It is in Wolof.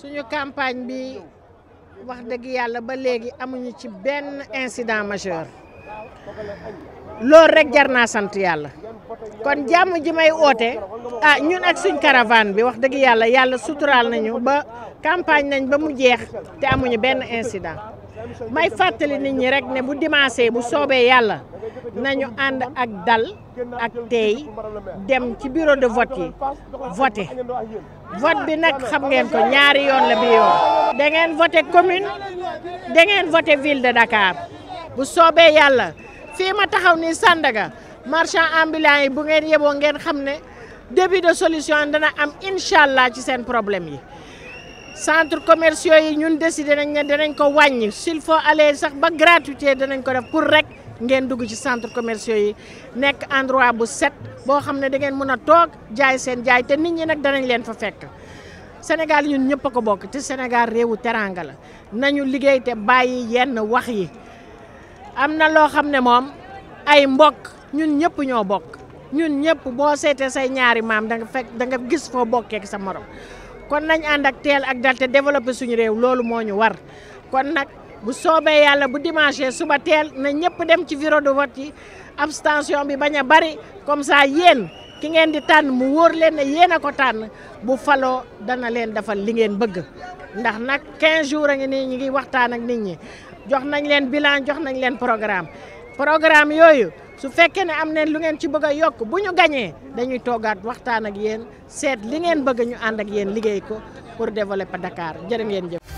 suñu campagne bi wax dëgg yàlla ba léegi amuñu ci benn incident majeur loolu rek jar naa sant yàlla kon jàmm ji may oote a ah, ñun ak suñ caravane bi wax dëgg yàlla yàlla suturaal nañu ba campagne nañ ba mu jeex te amuñu benn incident may fàttali nit ñi rek ne bu dimanche bu soobee yàlla nañu ànd ak dal ak tey dem ci bureau de vote yi voté vote bi nag xam ngeen ko ñaari yoon la bi yoon da vote voté commune da ngeen voté ville de Dakar bu soobee yàlla fii ma taxaw ni Sandaga marchand ambulant yi bu ngeen yeboo ngeen xam ne début de solution dana am incha allah ci seen problème yi centre commerciaux yi ñun décidé nañ ne danañ ko wàññi s'il aller sax ba gratuité danañ ko def pour rek ngeen dugg ci centre commerciaux yi nekk endroit bu set boo xam ne da ngeen mën a toog jaay seen jaay te nit ñi nag danañ leen fa fekk Sénégal ñun ñëpp a ko bokk te Sénégal réewu teranga la nañu liggéey te bàyyi yenn wax yi am na loo xam ne moom ay mbokk ñun ñëpp ñoo bokk ñun ñëpp boo seetee say ñaari maam da nga fekk da nga gis foo bokkee sa morom kon nañ ànd ak teel ak dal te développer suñu réew loolu moo ñu war kon nag bu soobee yalla bu dimanche suba tel na ñepp dem ci bureau de vote abstention bi baña bari comme ça yeen ki ngeen di tan mu len ne ko tan bu falo dana len dafal li ngeen bëgg ndax nak 15 jours ngi nii ngi waxtaan ak nit ñi jox nañ len bilan jox nañ len programme programme yoyu su fekke ne am neen lu ngeen ci bëgg yok yokk bu ñu gañee dañuy togaat waxtaan ak yeen li ngeen bëgg ñu and ak yeen liggéey ko pour développer Dakar jërëngeen jëf